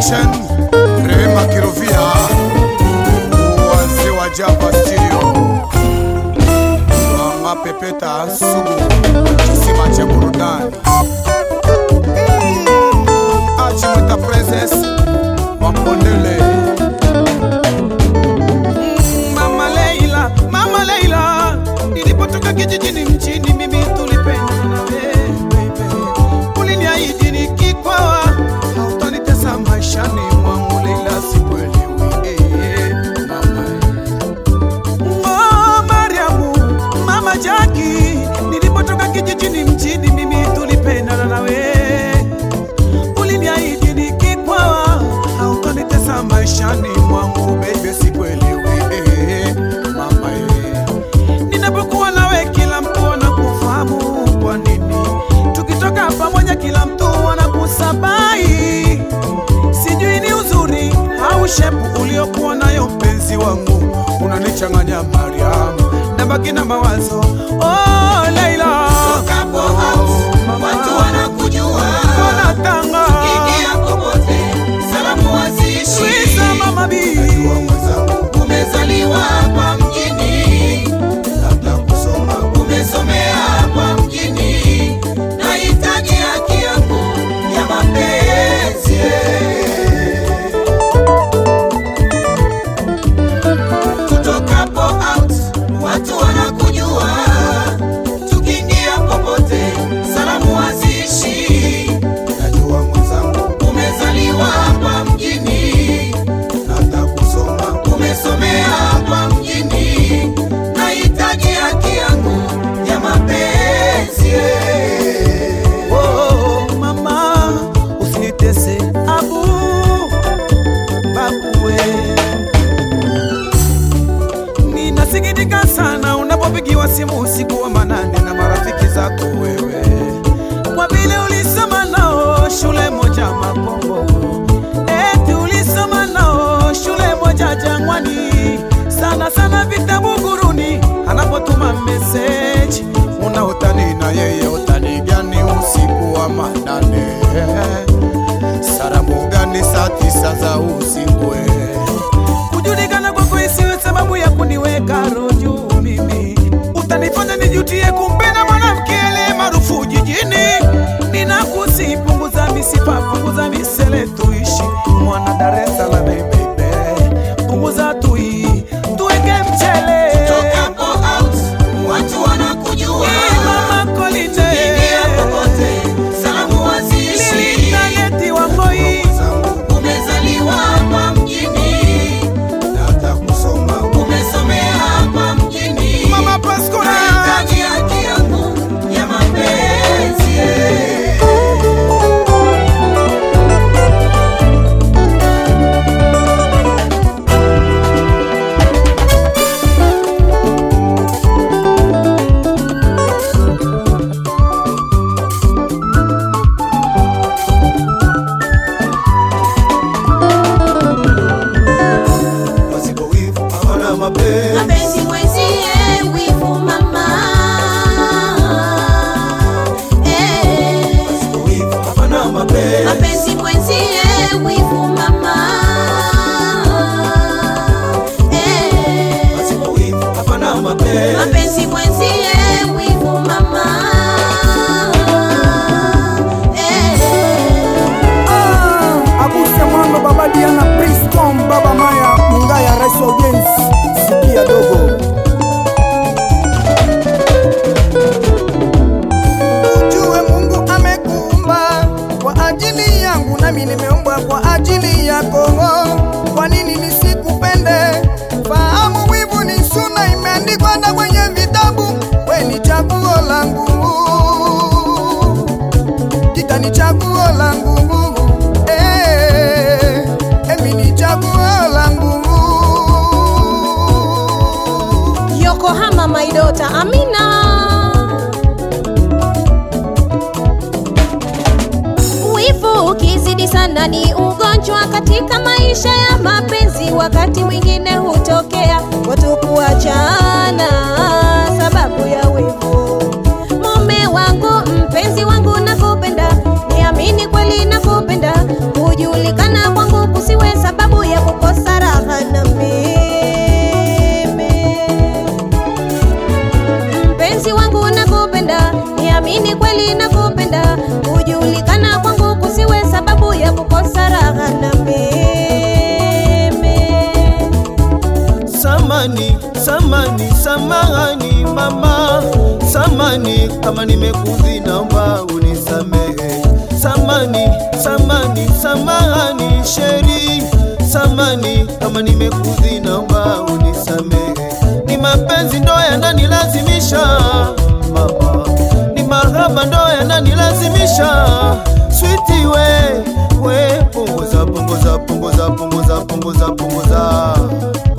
Direction Rehema Kirofia, wazee Studio, mama Pepeta Sugu mpenzi wangu unanichanganya Mariamu, nabaki na mawazo oh. chaguo langu kama nimekuzi, naomba unisamehe. Samani, samani, samahani, sheri. Samani kama nimekuzi, naomba unisamehe. Ni mapenzi ndo yananilazimisha mama, ni mahaba ndo yananilazimisha switi, we we, punguza punguza punguza punguza punguza punguza